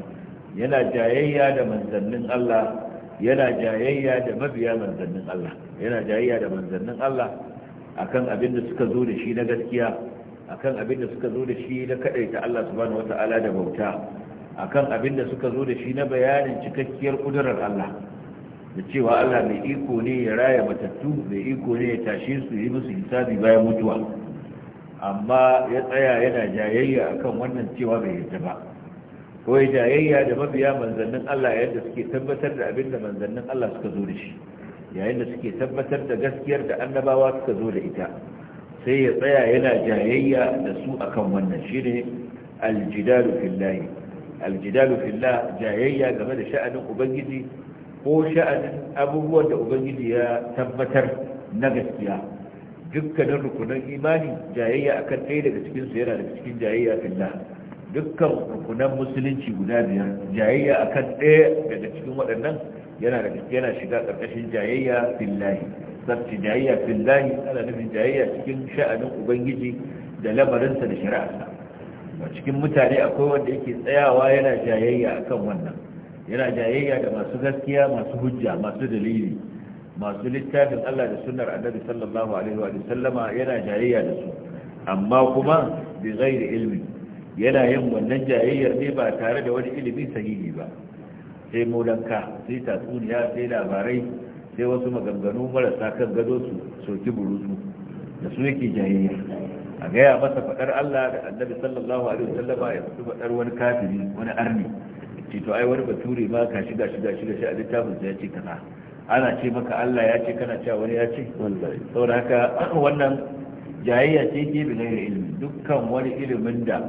yana jayayya da manzannin Allah yana jayayya da mabiya manzannin Allah yana jayayya da manzannin Allah akan abin da suka zo da shi na gaskiya akan abin da suka zo da shi na kadaita Allah subhanahu wata'ala da bauta akan abin da suka zo da shi na bayanin cikakkiyar kudurar Allah da cewa Allah mai iko ne ya raya matattu mai iko ne ya tashe su yi musu hisabi bayan mutuwa amma ya tsaya yana jayayya akan wannan cewa bai yarda ba kawai jayayya da mabiya manzannin Allah yadda suke tabbatar da abin da manzannin Allah suka zo da shi yayin da suke tabbatar da gaskiyar da annabawa suka zo da ita sai ya tsaya yana jayayya da su akan wannan shi ne aljidalu fillahi aljidalu fillah jayayya game da sha'anin ubangiji ko sha'anin abubuwan da ubangiji ya tabbatar na gaskiya dukkanin rukunan imani jayayya akan ɗaya daga cikinsu yana daga cikin jayayya fillah dukkan rukunan musulunci guda biyar jayayya akan ɗaya daga cikin waɗannan yana da yana shiga ƙarƙashin jayayya fillahi sabci jayayya fillahi ana nufin jayayya cikin sha'anin ubangiji da lamarinsa da shari'arsa a cikin mutane akwai wanda yake tsayawa yana jayayya akan wannan yana jayayya da masu gaskiya masu hujja masu dalili masu littafin Allah da sunnar annabi sallallahu alaihi wa sallama yana jayayya da su amma kuma bi ghairi ilmi yana yin wannan jayayyar ne ba tare da wani ilimi sahihi ba sai molanka sai tatsuniya sai labarai sai wasu maganganu marasa kan gado su soki burutu da su yake jayayya a gaya masa faɗar Allah da annabi sallallahu alaihi wasallam ya fito faɗar wani kafiri wani arni ce to ai wani bature ma ka shiga shiga shiga shi a littafin ya ce kana ana ce maka Allah ya ce kana cewa wani ya ce saboda haka wannan jayayya ce ke bi ilmi dukkan wani ilimin da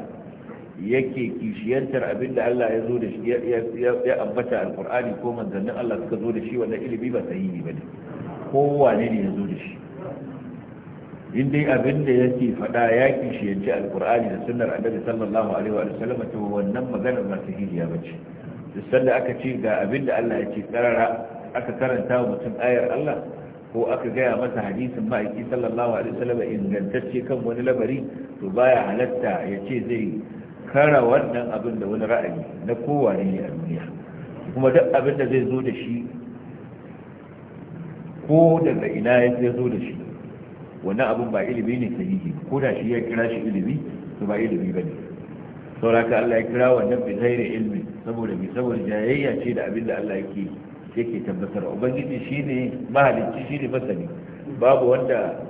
yake kishiyantar abin da Allah ya zo da shi ya ambata alkur'ani ko manzannin Allah suka zo da shi wannan ilimi ba sahihi bane kowane ne ya zo da shi in dai abin da yake faɗa ya kishiyanci alkur'ani da sunnar annabi sallallahu alaihi wa sallam to wannan magana ba sahihiya bace duk sanda aka ce ga abin da Allah ya ce karara aka karanta wa mutum ayar Allah ko aka gaya masa hadisin ma'aiki sallallahu alaihi wasallam ingantacce kan wani lamari to baya halatta ya ce zai kara wannan abin da wani ra'ayi na kowane ne a duniya kuma duk abin da zai zo da shi ko daga ina ya zo da shi wannan abin ba ilimi ne sahihi ko da shi ya kira shi ilimi to ba ilimi ba ne sauraka Allah ya kira wannan bi ghairi ilmi saboda bi saboda jayayya ce da abin da Allah yake yake tabbatar ubangiji shine mahalicci shine masani babu wanda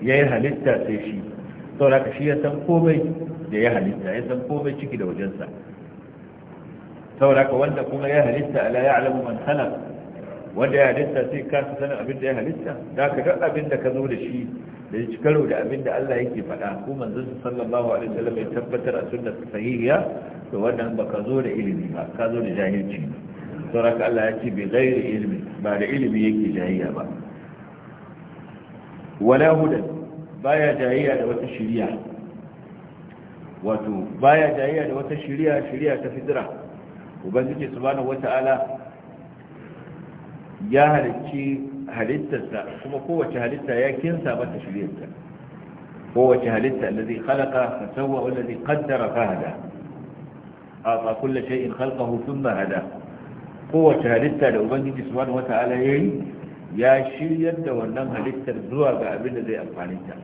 yi halitta sai shi saboda ka shi ya san komai da ya halitta ya san komai ciki da wajensa saboda ka wanda kuma ya halitta ala ya alamu man khalaq wanda ya halitta sai ka sanin abin da ya halitta da ka ga abin da ka zo da shi da ya ci karo da abin da Allah yake faɗa ko manzon sallallahu alaihi wasallam ya tabbatar a sunnar sahihiya to wannan baka zo da ilimi ba ka zo da jahilci saboda ka Allah ya ce bi ghairi ilmi ba da ilimi yake jahiliya ba wala hudan baya jayayya da wata shiriya wato baya jayayya da wata shiriya shiriya ta fidira ubangiji subhanahu wata'ala ya halicci halittarsa kuma kowace halitta ya kinsa mata shiriyarta kowace halitta allazi khalaqa fa sawwa wallazi qaddara fa hada ata kullu shay'in khalqahu thumma hada kowace halitta da ubangiji subhanahu wata'ala yayi ya shiryar da wannan halittar zuwa ga abin da zai amfani ta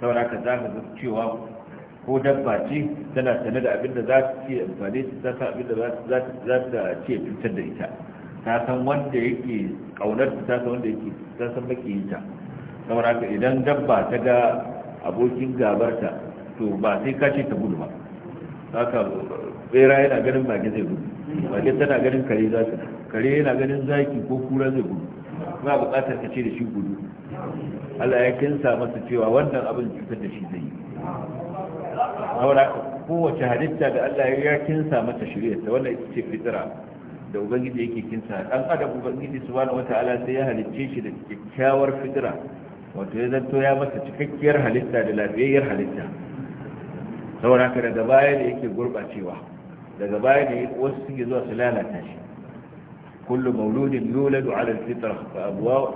saboda ka za ka cewa ko dabba ce tana sane da abin da za ta ce amfani ta san abin da za ta ce cutar da ita ta san wanda yake kaunar ta san wanda yake ta san baki ta saboda haka idan dabba ta ga abokin gabarta to ba sai ka ce ta gudu ba haka bera yana ganin mage zai gudu mage tana ganin kare za ta kare yana ganin zaki ko kura zai gudu ba buƙatar ka ce da shi gudu Allah ya kinsa masa cewa wannan abin cutar da shi zai yi saboda kowace halitta da Allah ya kinsa mata ta wannan ita ce fitira da ubangiji yake kinsa dan adam ubangiji subhanahu wataala sai ya halicce shi da kyakkyawar fitira wato ya zanto ya masa cikakkiyar halitta da lafiyayyar halitta saboda haka daga baya ne yake gurɓacewa daga baya ne wasu suke zuwa su lalata shi كل مولود يولد على الفطرة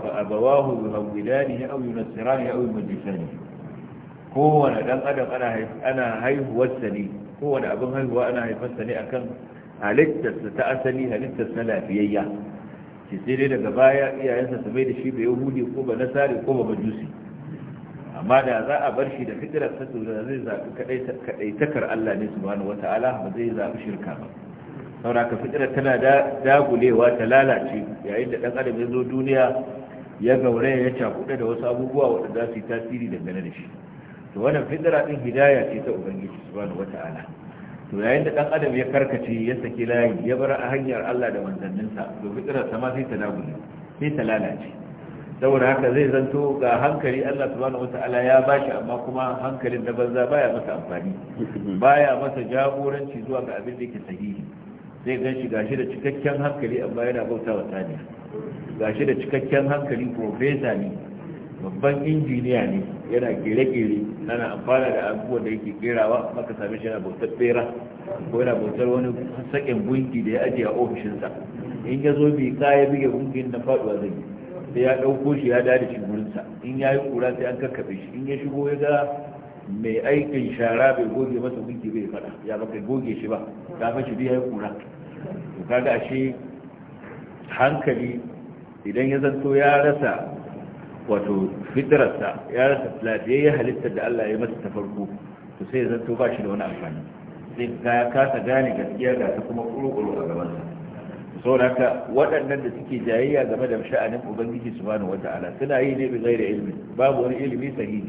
فأبواه يهودانه أو ينصرانه أو يمجسانه هو أنا دان أدم أنا هاي أنا هاي هو السني هو أنا أبن هاي هو أنا هاي فالسني أكن daga baya iyayensa su bai da shi ba yahudi ko ba nasari ko ba amma da za a bar shi da fitirar sa da zai zaɓi kaɗaitakar Allah ne subhanahu wata'ala ba zai zaɓi shirka ba saboda ka fitira tana dagulewa ta lalace yayin da ɗan adam ya zo duniya ya gauraya ya cakuɗe da wasu abubuwa waɗanda za su yi tasiri dangane da shi to wannan fitira ɗin hidaya ce ta ubangiji subhanahu wata'ala to yayin da ɗan adam ya karkace ya saki layi ya bar a hanyar Allah da manzanninsa to fitira ta ma sai ta dagule sai ta lalace saboda haka zai zanto ga hankali Allah subhanahu wata'ala ya bashi amma kuma hankalin na banza baya masa amfani baya masa jagoranci zuwa ga abin da yake sahihi zai gan shi gashi da cikakken hankali amma yana bauta wa tani gashi da cikakken hankali profesa ne babban injiniya ne yana gere-gere ana amfana da abubuwan da yake gerawa maka same shi yana bautar bera ko yana bautar wani sakin gunki da ya ajiye a ofishinsa in ya zo bai kaya buge gunkin na faduwa zai sai ya dauko shi ya dada shi gurinsa in ya yi kura sai an kakkaɓe shi in ya shigo ya ga mai aikin shara bai goge masa gunki bai fada ya ba kai goge shi ba ta fashi biya ya kura to kaga ashe hankali idan ya zanto ya rasa wato fitrarsa ya rasa lafiyayyen halittar da Allah ya masa ta farko to sai ya zanto ba shi da wani amfani sai ka kasa gane gaskiya ga ta kuma kuru a gabansa saboda haka waɗannan da suke jayayya game da sha'anin ubangiji subhanahu wata'ala suna yi ne bi ghairi ilmi babu wani ilimi sahihi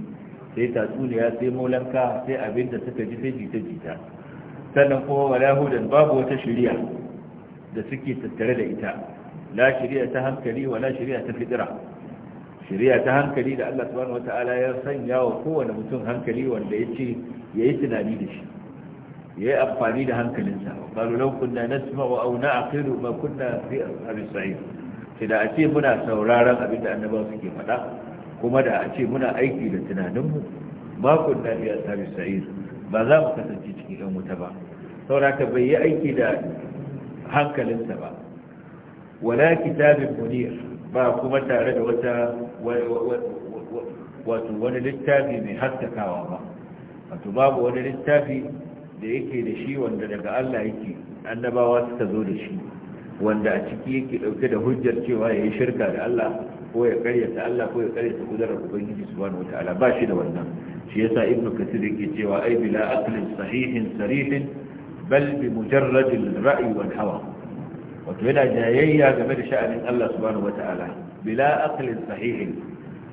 sai tatsuniya sai molanka sai abin da suka ji sai jita-jita sannan kuma wala hudan babu wata shari'a da suke tattare da ita la shari'a ta hankali wala shari'a ta fitira shari'a ta hankali da Allah subhanahu wata'ala ya sanya wa kowane mutum hankali wanda ya ce ya yi tunani da shi ya yi amfani da hankalinsa qalu law kunna nasma'u aw na'qilu ma kunna fi ashabi sa'id sai da a ce muna sauraron abin da annabawa suke faɗa kuma da a ce muna aiki da tunaninmu makon ku da sa'ir ba za mu kasance cikin yan wuta ba sauraka bai yi aiki da hankalinsa ba wala kitabin munir ba kuma tare da wata wato wani littafi mai haskakawa ba wato babu wani littafi da yake da shi wanda daga Allah yake annabawa suka zo da shi wanda a ciki yake dauke da hujjar cewa ya yi shirka da Allah ko ya karyata Allah ko ya karyata kudarar ubangiji subhanahu wataala ba shi da wannan shi yasa ibn kasir yake cewa ai bila aqlin sahihin sarihin bal bi mujarrad al wal hawa wato yana jayayya game da sha'anin Allah subhanahu wataala bila aqlin sahihin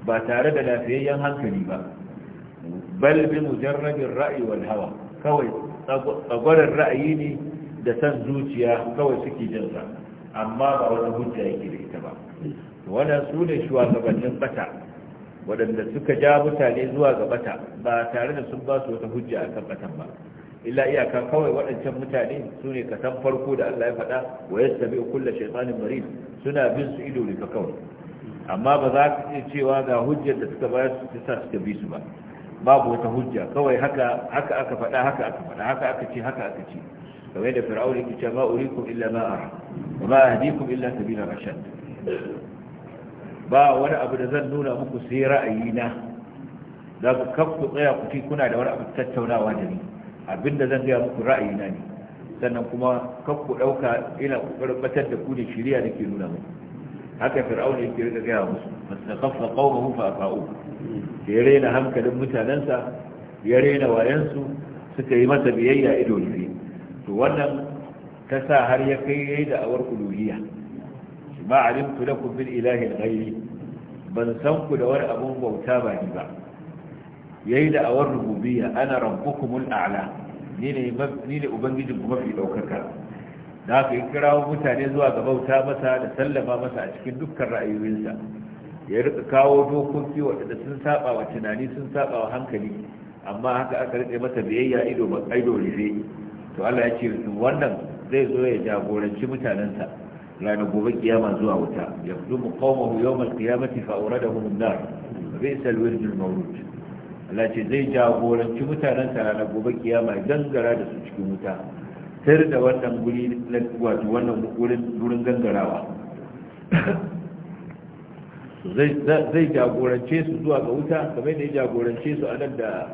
ba tare da lafiyayyen hankali ba bal bi mujarrad al wal hawa kawai tsagwarar ra'ayi ne da san zuciya kawai suke jinsa amma ba wani hujja yake da ita ba wannan su ne shugabannin bata waɗanda suka ja mutane zuwa ga bata ba tare da sun ba su wata hujja akan batan ba illa iyaka kawai waɗancan mutane su ne kasan farko da Allah ya faɗa wa ya sabi kulla shaitanin marid suna bin su ido rufe kawai amma ba za ka iya cewa ga hujjar da suka bayar su sa suka bi su ba babu wata hujja kawai haka haka aka faɗa haka aka faɗa haka aka ce haka aka ce kamar da fir'auni yake cewa ma uriku illa ma ara wa ma ahdikum illa sabila rashad ba wani abu da zan nuna muku sai ra'ayina za ku kan ku tsaya ku ci kuna da wani abu tattaunawa da ni abinda zan gaya muku ra'ayina ne sannan kuma kan ku ɗauka ina ƙoƙarin batar da ku ne shirya da ke nuna muku haka fir'auna yake rika gaya musu mastaqaffa qawmuhu fa aqa'u da ya rena hankalin mutanensa ya rena wayansu suka yi masa biyayya ido ne to wannan ta sa har ya kai yayi da awar uluhiyya ma alimtu lakum bil ilahi ghairi ban san ku da wani abun bauta ba ni ba yayi da awar rububiyya ana rabbukumul a'la ni ne ni ne ubangijin ku mafi daukaka da haka kirawo mutane zuwa ga bauta masa da sallama masa a cikin dukkan ra'ayoyinsa ya rika kawo dokoki waɗanda sun saba wa tunani sun saba wa hankali amma haka aka rike masa biyayya ido ba ido rife to Allah ya ce wannan zai zo ya jagoranci mutanensa ranar gobe kiyama zuwa wuta ya fito mu kawo mahu yau mai kiyamati fa'ura da hulun nar bai salwar jin maurut Allah ce zai jagoranci mutanen sa ranar gobe kiyama ya gangara da su cikin wuta sayar da wannan guri na wato wannan wurin gangarawa zai jagorance su zuwa ga wuta kamar da ya jagorance su anan da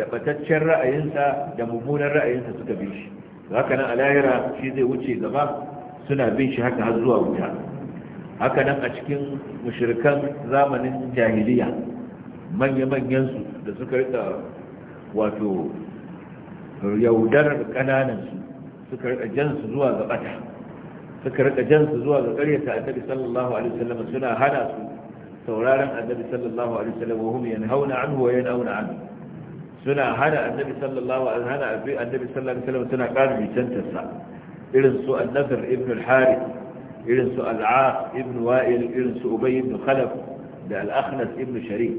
da fataccen ra'ayinsa da mummunan ra'ayinsa suka bi shi haka nan a shi zai wuce gaba suna bin shi haka har zuwa wuta haka nan a cikin mushrikan zamanin jahiliya manya-manyan su da suka rika wato yaudarar kananan su suka rika jan su zuwa ga bata suka rika jan su zuwa ga ƙaryata annabi sallallahu alaihi wasallam suna hana su sauraron annabi sallallahu alaihi wasallam wa hum yanhauna anhu wa yanhauna anhu suna hana annabi sallallahu alaihi wasallam suna ƙara bicantar sa irin su Al-Nasir ibn al-harith irin su al'af ibn wa'il irin su ubay ibn khalaf da al-akhnas ibn sharik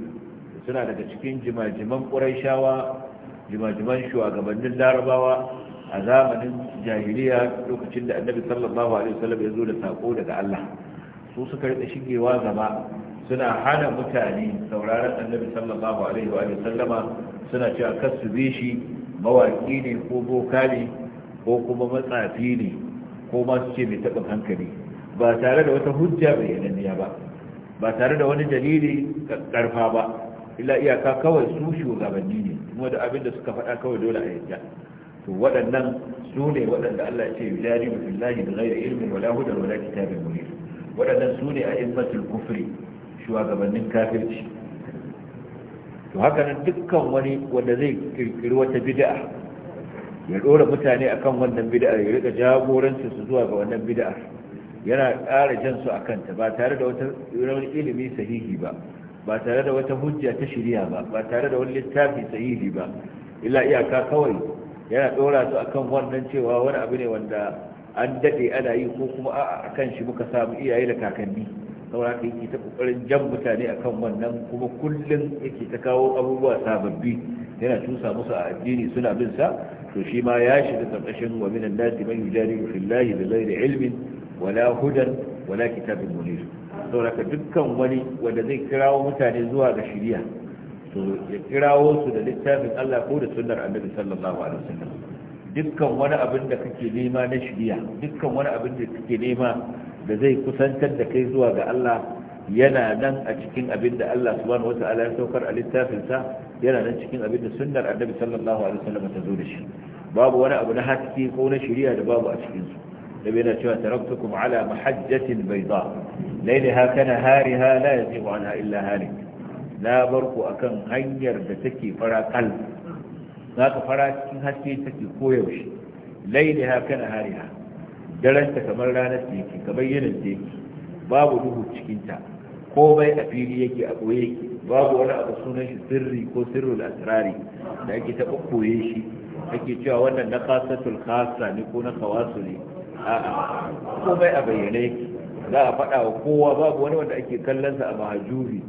suna daga cikin jimajiman quraishawa jimajiman shugabannin larabawa a zamanin jahiliya lokacin da annabi sallallahu alaihi wasallam ya zo da sako daga Allah su suka rika shigewa gaba suna hana mutane sauraron annabi sallallahu alaihi wa sallama suna cewa kasu bishi, mawaki ne ko boka ne ko kuma matsafi ne ko masu ce mai taɓin hankali ba tare da wata hujja mai yananniya ba ba tare da wani dalili ƙarfa ba illa iyaka kawai su shugabanni ne kuma da abin da suka faɗa kawai dole a yadda to waɗannan su ne waɗanda Allah ya ce yujari bi billahi bi ghairi ilmin wala hudan wala kitabin munir waɗannan su ne a immatul kufri shugabannin kafirci to haka nan dukkan wani wanda zai kirkiri wata bid'a ya dora mutane akan wannan bid'a ya rika jagorancin su zuwa ga wannan bid'a yana ƙara jan su akan ta ba tare da wata ilimi sahihi ba ba tare da wata hujja ta shirya ba ba tare da wani littafi sahihi ba illa iyaka kawai yana dora su akan wannan cewa wani abu ne wanda an dade ana yi ko kuma a akan shi muka samu iyaye da kakanni saboda haka yake ta kokarin jan mutane akan wannan kuma kullum yake ta kawo abubuwa sababbi yana tusa musu a addini suna bin sa to shi ma ya shiga karkashin wa minan nasi man yujadilu fillahi bi ghairi ilmin wala hudan wala kitabin munir raka dukkan wani wanda zai kirawo mutane zuwa ga shari'a to ya kirawo su da littafin Allah ko da sunnar Annabi sallallahu alaihi wasallam dukkan wani abin da kake nema na shari'a dukkan wani abin da kake nema da zai kusantar da kai zuwa ga Allah yana nan a cikin abin da Allah subhanahu wataala ya saukar a littafinsa yana nan cikin abin da sunnar Annabi sallallahu alaihi wasallam ta zo da shi babu wani abu na haske ko na shirya da babu a cikinsu da bai na cewa taraktukum ala mahajjatin bai bayda lailaha kana hariha la yazigu anha illa halik na bar ku akan hanyar da take fara kal ka fara cikin haske ta ke koyaushe lailaha kana hariha daren ta kamar ranar da yake kamar yinin da yake babu duhu cikinta. ta komai a fili yake a boye yake babu wani abu sunan shi sirri ko sirrul asrari da ake taɓa koye shi ake cewa wannan na kasatul kasa ne ko na kawasu ne a'a komai a bayyane za a faɗa wa kowa babu wani wanda ake kallonsa a mahajubi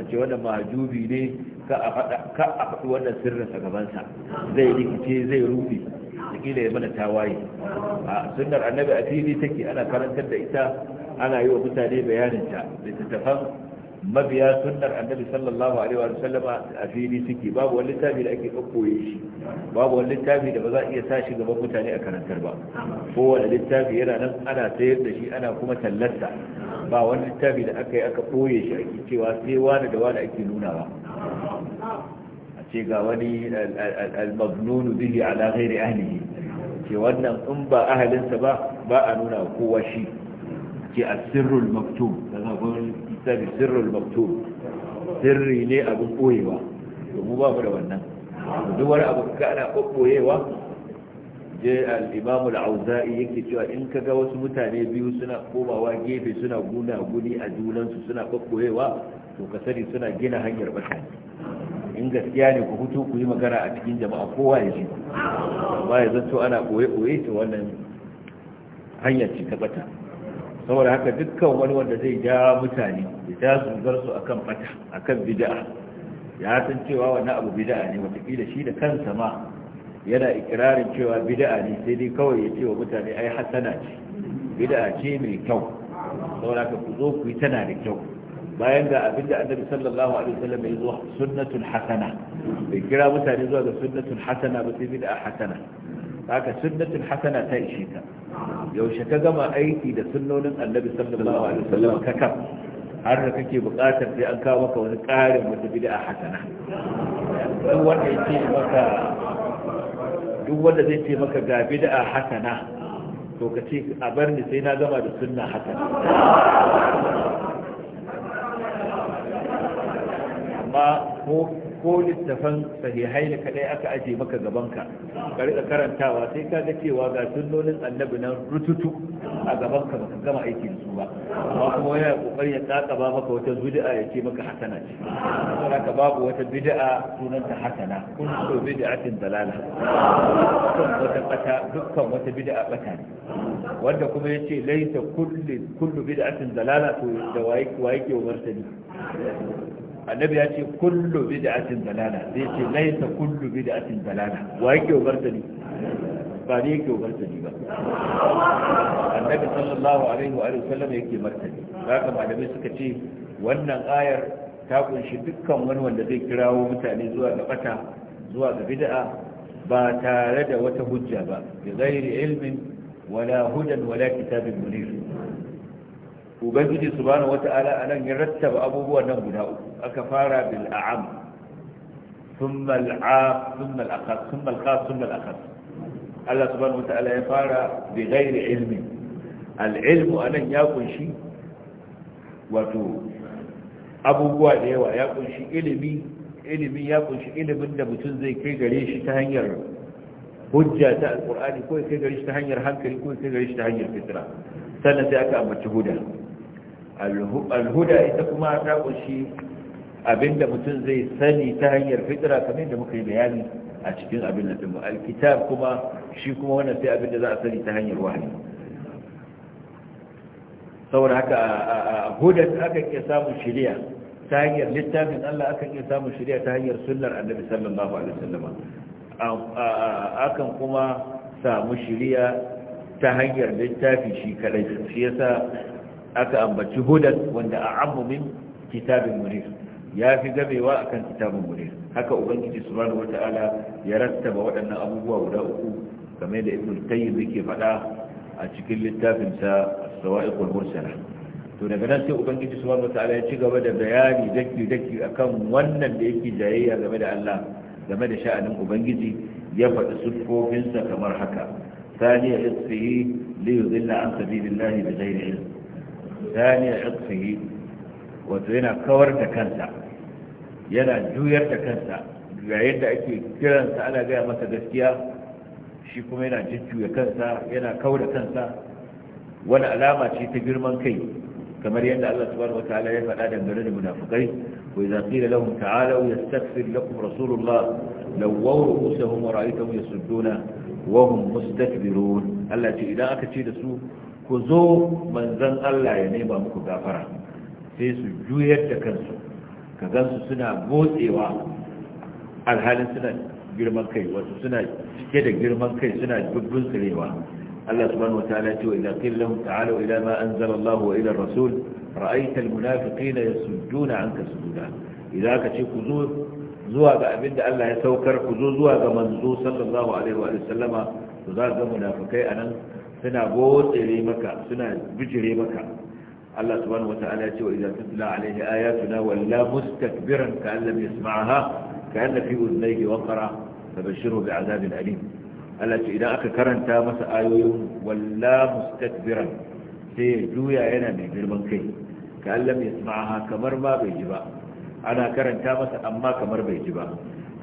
a ce wannan mahajubi ne ka a faɗi wannan sirrinsa gabansa zai rikice zai rufe da ya mana tawaye a sunnar annabi a fili take ana karantar da ita ana yi wa mutane bayaninta littattafan mabiya sunnar annabi sallallahu alaihi wa sallam a fili suke babu wani littafi da ake koye shi babu wani littafi da ba za a iya sa shi gaban mutane a karantar ba kowane littafi yana nan ana sayar da shi ana kuma tallarsa ba wani littafi da aka yi aka koye shi ake cewa sai wani da wani ake ba a ce ga wani al-magnunu bihi ala ghairi ahlihi ce wannan in ba ahalinsa ba ba a nuna kowa shi ce a sirrul maktum daga gurin isabi sirrul maktum sirri ne abin ɓoyewa domin ba da wannan duk wani abu ka ana ɓoyewa je al'imamu al'auza'i yake cewa in ka ga wasu mutane biyu suna komawa gefe suna guna guni a junansu suna ɓoyewa to ka sani suna gina hanyar ɓata in gaskiya ne ku hutu ku yi magana a cikin jama'a kowa ya ji ba ya zanto ana ɓoye-ɓoye ta wannan hanyar ci ta ɓata saboda haka dukkan wani wanda zai ja mutane ya ja zungar su akan fata akan bid'a ya san cewa wannan abu bid'a ne wataƙila shi da kansa ma yana ikirarin cewa bid'a ne sai dai kawai ya ce wa mutane ai hasana ce bid'a ce mai kyau saboda haka ku zo ku yi tana da kyau bayan ga abin da annabi sallallahu alaihi wasallam ya zo sunnatul hasana bai kira mutane zuwa ga sunnatul hasana ba sai bid'a hasana haka sunnatul hasana ta ishe ka yaushe ka gama aiki da sunnonin annabi sallallahu alaihi wasallam ka kan har da kake bukatar sai an kawo maka wani ƙarin wata bid'a hasana duk wanda yake maka duk wanda zai ce maka ga bid'a hasana to ka ce a bar ni sai na gama da sunna hasana amma ko ko littafan sahihai ne kadai aka aje maka gabanka ka rika karantawa sai ka ga cewa ga sunnonin annabi nan rututu a gabanka baka gama aiki da su ba amma kuma yana kokari ya tsaka ba maka wata bid'a ya ce maka hasana ce saboda ka babu wata bid'a sunanta hasana kun so bid'atin dalala wata bata dukkan wata bid'a bata ne wanda kuma yace laita kullu kullu bid'atin dalala to da waye waye ke wa martani annabi ya ce kullu bid'atin dalala zai ce laisa kullu bid'atin dalala wa yake ubarta ni ba ne yake ubarta ni ba annabi sallallahu alaihi wa alihi wasallam yake martani haka malamai suka ce wannan ayar ta kunshi dukkan wani wanda zai kirawo mutane zuwa ga bata zuwa ga bid'a ba tare da wata hujja ba bi ghairi ilmin wala hudan wala kitabin munir ubangiji subhanahu wata'ala anan ya rattaba abubuwan nan guda uku aka fara bil a'am thumma al aam thumma al akhas thumma al khas thumma al akhas Allah subhanahu wata'ala ya fara bi ghairi ilmi al ilmu anan ya kunshi wato abubuwa da yawa ya kunshi ilimi ilimi ya kunshi ilimin da mutum zai kai gare shi ta hanyar hujja ta alqur'ani ko kai gare shi ta hanyar hankali ko kai gare shi ta hanyar fitra sannan sai aka ambaci huda alhuda ita kuma ta kunshi abinda mutum zai sani ta hanyar fitra kamar da muka yi bayani a cikin abin da dinmu alkitab kuma shi kuma wannan sai abinda za a sani ta hanyar wahayi saboda haka hudan aka iya samun shiriya ta hanyar littafin Allah aka iya samun shiriya ta hanyar sunnar annabi sallallahu alaihi wasallam akan kuma samu shiriya ta hanyar littafi shi kadai shi yasa aka ambaci hudan wanda a ammumin kitabin munir ya fi gamewa a kan kitabin munir haka ubangiji subhanahu wata'ala ya rattaba waɗannan abubuwa guda uku game da ibn tayyib yake faɗa a cikin littafinsa sawa'iqul mursala to daga nan sai ubangiji subhanahu wata'ala ya ci gaba da bayani daki daki akan wannan da yake jayayya game da Allah game da sha'anin ubangiji ya faɗi siffofinsa kamar haka ثانية إصفه ليضل عن سبيل الله بغير علم yana kawar da kansa yana juyar da kansa yayin da ake kiransa ana gaya masa gaskiya shi kuma yana jujjuya kansa yana da kansa wani alama ce ta girman kai kamar yadda Allah subhanahu wataala ya faɗa dangane da munafikai wa idza qila lahum ta'alu yastaghfir lakum rasulullah lawaw ru'usahum wa ra'aytahum yasudduna wa hum mustakbirun Allah ce idan aka ce da su ku zo manzan Allah ya nema muku gafara sai su juyar da kansu ka gansu suna motsewa alhalin suna girman kai wasu suna cike da girman kai suna dubbin tsirewa Allah subhanahu wa ta'ala ce wa idan qil ta'ala ta'alu ila ma anzala Allah wa ila ar-rasul ra'aita al-munafiqina yasudduna 'anka sududa idan ka ce ku zo zuwa ga abin da Allah ya saukar ku zo zuwa ga manzo sallallahu alaihi wa sallama ku za ga munafikai anan suna gotsere maka suna bijire maka Allah subhanahu wata'ala ya ce wa idza tutla alaihi ayatuna walla mustakbiran ka allam yasma'aha ka anna fi uznayhi waqara fabashirhu bi'adabin alim Allah ce idan aka karanta masa ayoyin walla mustakbiran sai ya juya yana mai girman kai ka allam yasma'aha kamar ma bai ji ba ana karanta masa amma kamar bai ji ba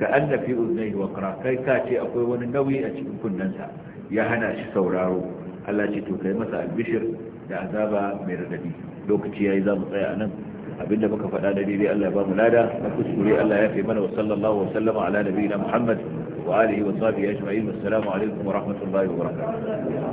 ka anna fi uznayhi waqara kai ka ce akwai wani nauyi a cikin kunnensa ya hana shi sauraro Allah ce to kai masa albishir da azaba mai radadi lokaci yayi za mu tsaya anan abinda muka faɗa da daidai Allah ya ba mu lada na kuskure Allah ya fi mana wa sallallahu wa sallama ala nabiyina Muhammad wa alihi wa sahbihi ajma'in assalamu alaikum wa rahmatullahi wa barakatuh